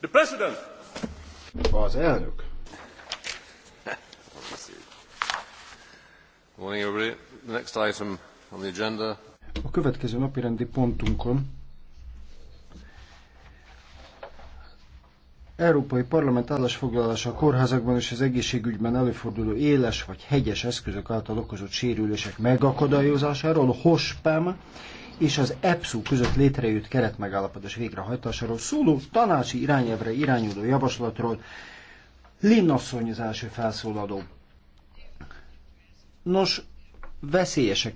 The President! Az elnök. Morning, everybody. The next item on the agenda. A következő napirendi pontunkon Európai Parlament állásfoglalása a kórházakban és az egészségügyben előforduló éles vagy hegyes eszközök által okozott sérülések megakadályozásáról, HOSPEM, és az EPSU között létrejött keretmegállapodás végrehajtásáról szóló tanácsi irányelvre irányuló javaslatról. Linnasszony az első felszólaló. Nos, veszélyesek